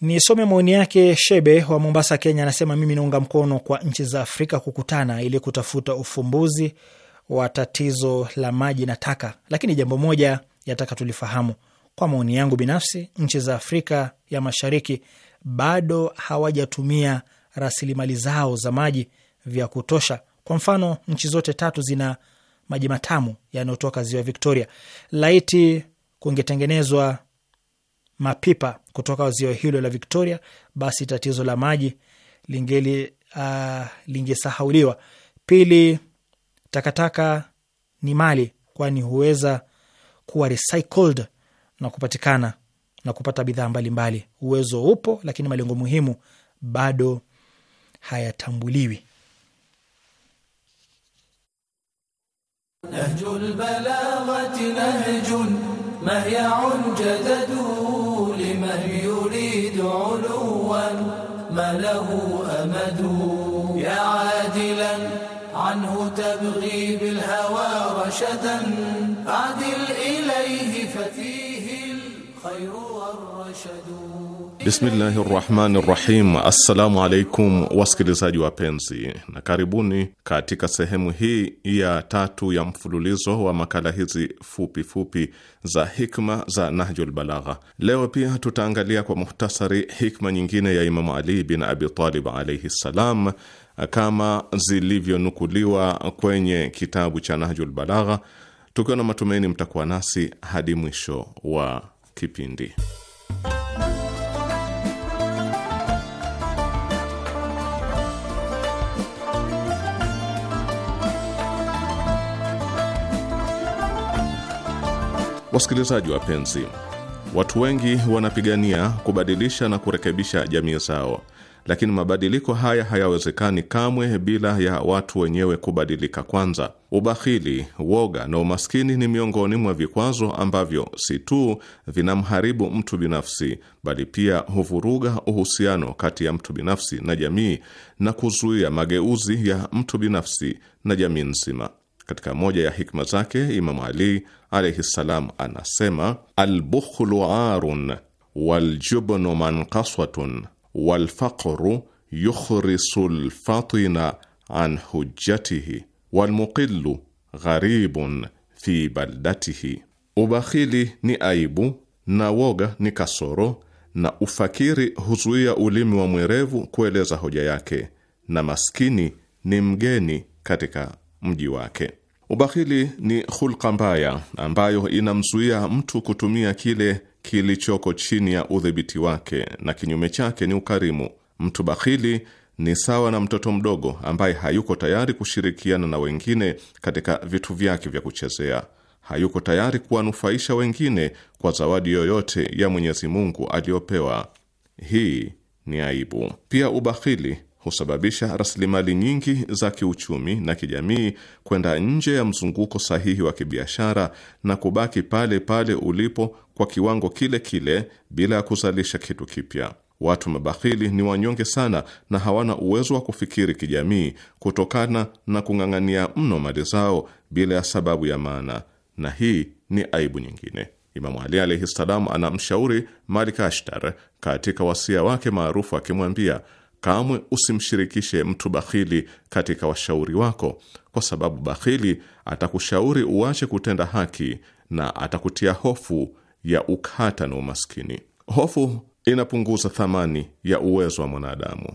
Nisome maoni yake. Shebe wa Mombasa, Kenya, anasema mimi naunga mkono kwa nchi za Afrika kukutana ili kutafuta ufumbuzi wa tatizo la maji na taka, lakini jambo moja yataka tulifahamu. Kwa maoni yangu binafsi, nchi za Afrika ya Mashariki bado hawajatumia rasilimali zao za maji vya kutosha. Kwa mfano, nchi zote tatu zina maji matamu yanayotoka ziwa Victoria. Laiti kungetengenezwa mapipa kutoka ziwa hilo la Victoria, basi tatizo la maji lingeli uh, lingesahauliwa. Pili, Takataka ni mali, kwani huweza kuwa recycled na kupatikana na kupata bidhaa mbalimbali. Uwezo upo, lakini malengo muhimu bado hayatambuliwi. Nahjul balaghati nahjun mahyaun jadadu liman yuridu uluwan ma lahu amadu ya adilan عنه تبغي بالهوى رشدا عدل إليه ففيه الخير والرشد Bismillahi rahmani rahim. Assalamu alaikum wasikilizaji wapenzi, na karibuni katika sehemu hii ya tatu ya mfululizo wa makala hizi fupi fupi za hikma za Nahjul Balagha. Leo pia tutaangalia kwa muhtasari hikma nyingine ya Imamu Ali bin Abi Talib alaihi ssalam kama zilivyonukuliwa kwenye kitabu cha Nahjul Balagha, tukiwa na matumaini mtakuwa nasi hadi mwisho wa kipindi. Wasikilizaji wapenzi, watu wengi wanapigania kubadilisha na kurekebisha jamii zao lakini mabadiliko haya hayawezekani kamwe bila ya watu wenyewe kubadilika kwanza. Ubakhili, woga na umaskini ni miongoni mwa vikwazo ambavyo si tu vinamharibu mtu binafsi, bali pia huvuruga uhusiano kati ya mtu binafsi na jamii na kuzuia mageuzi ya mtu binafsi na jamii nzima. Katika moja ya hikma zake Imamu Ali alaihi ssalam anasema: albukhlu arun waljubnu manqaswatun walfaqru yukhrisu lfatina an hujjatihi walmuqillu gharibun fi baldatihi, ubakhili ni aibu na woga ni kasoro na ufakiri huzuia ulimi wa mwerevu kueleza hoja yake, na maskini ni mgeni katika mji wake. Ubakhili ni hulka mbaya ambayo inamzuia mtu kutumia kile kilichoko chini ya udhibiti wake, na kinyume chake ni ukarimu. Mtu bakhili ni sawa na mtoto mdogo ambaye hayuko tayari kushirikiana na wengine katika vitu vyake vya kuchezea, hayuko tayari kuwanufaisha wengine kwa zawadi yoyote ya Mwenyezi Mungu aliyopewa. Hii ni aibu. Pia ubakhili husababisha rasilimali nyingi za kiuchumi na kijamii kwenda nje ya mzunguko sahihi wa kibiashara na kubaki pale pale ulipo kwa kiwango kile kile bila ya kuzalisha kitu kipya. Watu mabakhili ni wanyonge sana na hawana uwezo wa kufikiri kijamii kutokana na kung'ang'ania mno mali zao bila ya sababu ya maana, na hii ni aibu nyingine. Imamu Ali alaihi ssalam anamshauri Malik Ashtar katika wasia wake maarufu akimwambia, kamwe usimshirikishe mtu bakhili katika washauri wako, kwa sababu bakhili atakushauri uache kutenda haki na atakutia hofu ya ukata na umaskini. Hofu inapunguza thamani ya uwezo wa mwanadamu.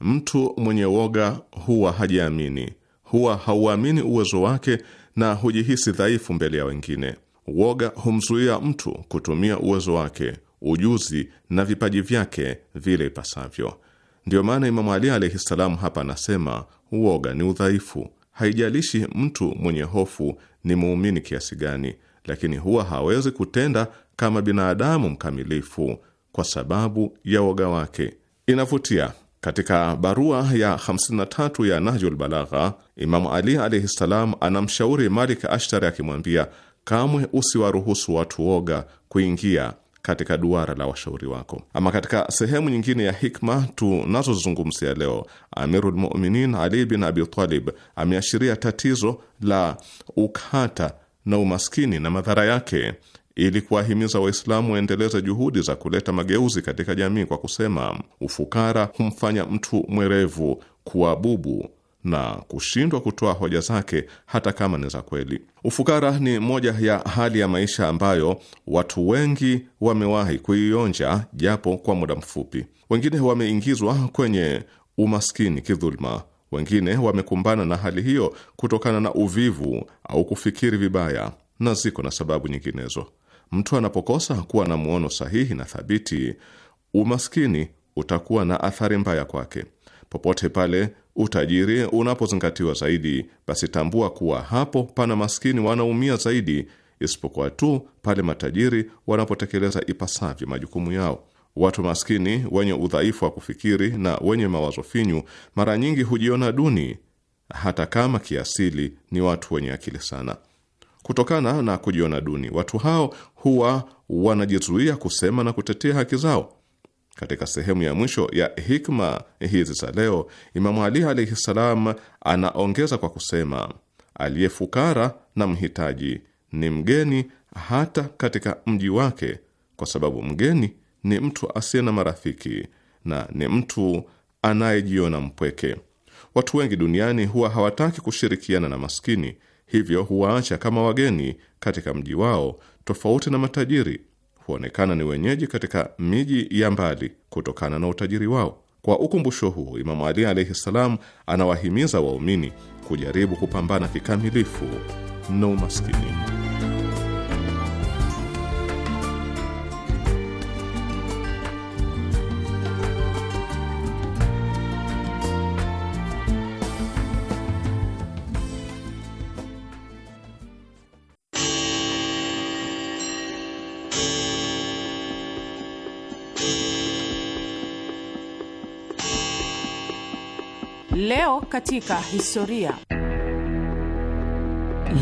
Mtu mwenye woga huwa hajiamini, huwa hauamini uwezo wake na hujihisi dhaifu mbele ya wengine. Woga humzuia mtu kutumia uwezo wake, ujuzi na vipaji vyake vile ipasavyo. Ndiyo maana Imamu Ali alaihi salamu hapa anasema woga ni udhaifu. Haijalishi mtu mwenye hofu ni muumini kiasi gani, lakini huwa hawezi kutenda kama binadamu mkamilifu kwa sababu ya woga wake. Inavutia, katika barua ya 53 ya Nahjul Balagha, Imamu Ali alaihi ssalam anamshauri Malik Ashtari akimwambia, kamwe usiwaruhusu watu woga kuingia katika duara la washauri wako. Ama katika sehemu nyingine ya hikma tunazozungumzia leo, Amirul Muminin Ali bin Abi Talib ameashiria tatizo la ukata na umaskini na madhara yake ili kuwahimiza Waislamu waendeleze juhudi za kuleta mageuzi katika jamii kwa kusema, ufukara humfanya mtu mwerevu kuwa bubu na kushindwa kutoa hoja zake hata kama ni za kweli. Ufukara ni moja ya hali ya maisha ambayo watu wengi wamewahi kuionja japo kwa muda mfupi. Wengine wameingizwa kwenye umaskini kidhuluma, wengine wamekumbana na hali hiyo kutokana na uvivu au kufikiri vibaya, na ziko na sababu nyinginezo. Mtu anapokosa kuwa na muono sahihi na thabiti, umaskini utakuwa na athari mbaya kwake. Popote pale utajiri unapozingatiwa zaidi, basi tambua kuwa hapo pana maskini wanaumia zaidi, isipokuwa tu pale matajiri wanapotekeleza ipasavyo majukumu yao. Watu maskini wenye udhaifu wa kufikiri na wenye mawazo finyu mara nyingi hujiona duni, hata kama kiasili ni watu wenye akili sana. Kutokana na kujiona duni, watu hao huwa wanajizuia kusema na kutetea haki zao. Katika sehemu ya mwisho ya hikma hizi za leo, Imamu Ali alaihi ssalam anaongeza kwa kusema, aliyefukara na mhitaji ni mgeni hata katika mji wake, kwa sababu mgeni ni mtu asiye na marafiki na ni mtu anayejiona mpweke. Watu wengi duniani huwa hawataki kushirikiana na maskini hivyo huwaacha kama wageni katika mji wao, tofauti na matajiri huonekana ni wenyeji katika miji ya mbali kutokana na utajiri wao. Kwa ukumbusho huu, Imamu Ali alaihi ssalam anawahimiza waumini kujaribu kupambana kikamilifu na no umaskini. katika historia.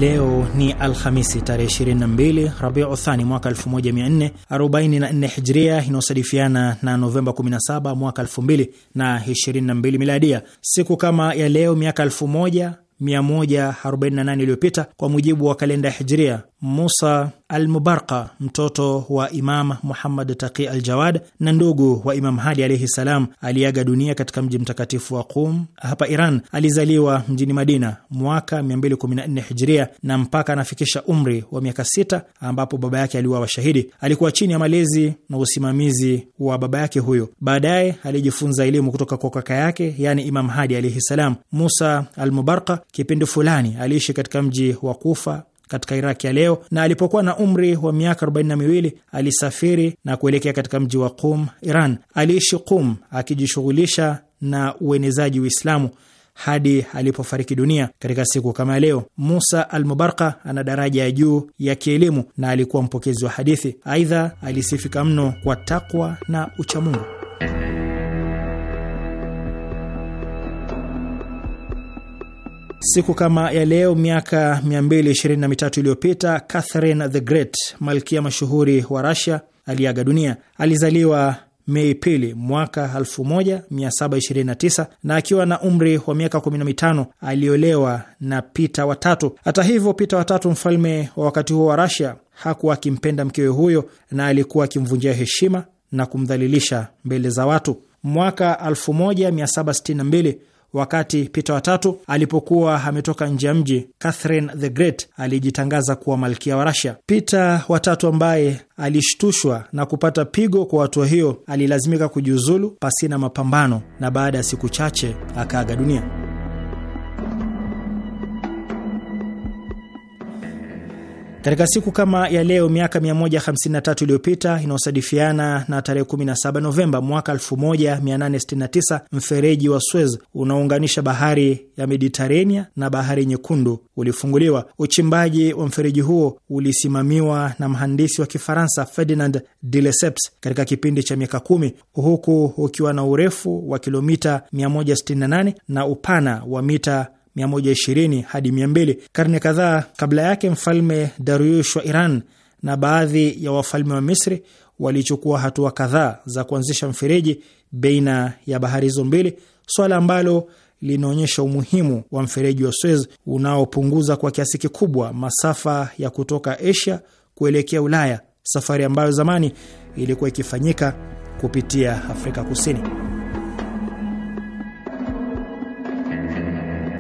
Leo ni Alhamisi tarehe 22 Rabiu Thani mwaka 1444 Hijria, inayosadifiana na Novemba 17 mwaka 2022 Miladia. Siku kama ya leo miaka 1148 iliyopita, kwa mujibu wa kalenda ya Hijria, Musa Almubarka, mtoto wa Imam Muhammad Taqi Aljawad na ndugu wa Imam Hadi alaihi salam, aliaga dunia katika mji mtakatifu wa Qum hapa Iran. Alizaliwa mjini Madina mwaka 214 Hijria na mpaka anafikisha umri wa miaka sita ambapo baba yake aliuawa shahidi. Alikuwa chini ya malezi na usimamizi wa baba yake huyo. Baadaye alijifunza elimu kutoka kwa kaka yake, yani Imam Hadi alaihi salam. Musa Almubarka kipindi fulani aliishi katika mji wa Kufa katika Iraq ya leo, na alipokuwa na umri wa miaka 42 alisafiri na kuelekea katika mji wa Qum, Iran. Aliishi Qum akijishughulisha na uenezaji Uislamu hadi alipofariki dunia katika siku kama leo. Musa Almubarka ana daraja ya juu ya kielimu na alikuwa mpokezi wa hadithi. Aidha, alisifika mno kwa takwa na uchamungu. Siku kama ya leo miaka 223 iliyopita Catherine the Great, malkia mashuhuri wa Russia, aliaga dunia. Alizaliwa Mei pili mwaka 1729 na akiwa na umri wa miaka 15 aliolewa na Pita watatu. Hata hivyo, Pita watatu mfalme wa wakati huo wa Russia hakuwa akimpenda mkewe huyo na alikuwa akimvunjia heshima na kumdhalilisha mbele za watu. Mwaka 1762 wakati Peter watatu alipokuwa ametoka nje ya mji, Catherine the Great alijitangaza kuwa malkia wa Rasia. Peter watatu ambaye alishtushwa na kupata pigo kwa hatua hiyo, alilazimika kujiuzulu pasina mapambano, na baada ya siku chache akaaga dunia. Katika siku kama ya leo miaka 153 iliyopita inayosadifiana na tarehe 17 Novemba mwaka 1869, mfereji wa Suez unaounganisha bahari ya Mediterania na bahari Nyekundu ulifunguliwa. Uchimbaji wa mfereji huo ulisimamiwa na mhandisi wa Kifaransa Ferdinand de Lesseps katika kipindi cha miaka kumi, huku ukiwa na urefu wa kilomita 168 na upana wa mita 120 hadi 200. Karne kadhaa kabla yake, mfalme Dariush wa Iran na baadhi ya wafalme wa Misri walichukua hatua kadhaa za kuanzisha mfereji baina ya bahari hizo mbili, swala ambalo linaonyesha umuhimu wa mfereji wa Suez unaopunguza kwa kiasi kikubwa masafa ya kutoka Asia kuelekea Ulaya, safari ambayo zamani ilikuwa ikifanyika kupitia Afrika Kusini.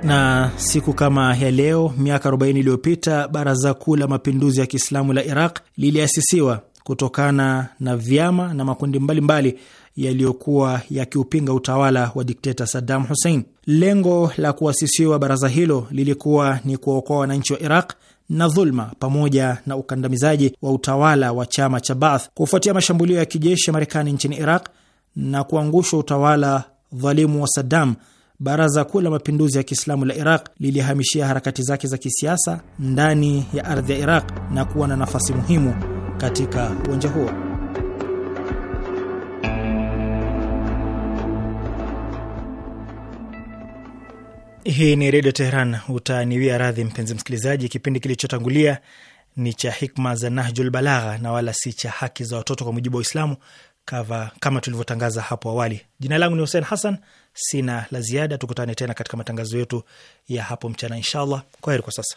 Na siku kama ya leo miaka 40 iliyopita Baraza Kuu la Mapinduzi ya Kiislamu la Iraq liliasisiwa kutokana na vyama na makundi mbalimbali yaliyokuwa yakiupinga utawala wa dikteta Saddam Hussein. Lengo la kuasisiwa baraza hilo lilikuwa ni kuwaokoa wananchi wa Iraq na dhulma pamoja na ukandamizaji wa utawala wa chama cha Baath kufuatia mashambulio ya kijeshi ya Marekani nchini Iraq na kuangushwa utawala dhalimu wa Saddam. Baraza Kuu la Mapinduzi ya Kiislamu la Iraq lilihamishia harakati zake za kisiasa ndani ya ardhi ya Iraq na kuwa na nafasi muhimu katika uwanja huo. Hii ni Redio Teheran. Utaniwia radhi mpenzi msikilizaji, kipindi kilichotangulia ni cha hikma za Nahjul Balagha na wala si cha haki za watoto kwa mujibu wa Uislamu kama tulivyotangaza hapo awali. Jina langu ni Hussein Hassan sina la ziada. Tukutane tena katika matangazo yetu ya hapo mchana, inshallah. Kwa heri kwa sasa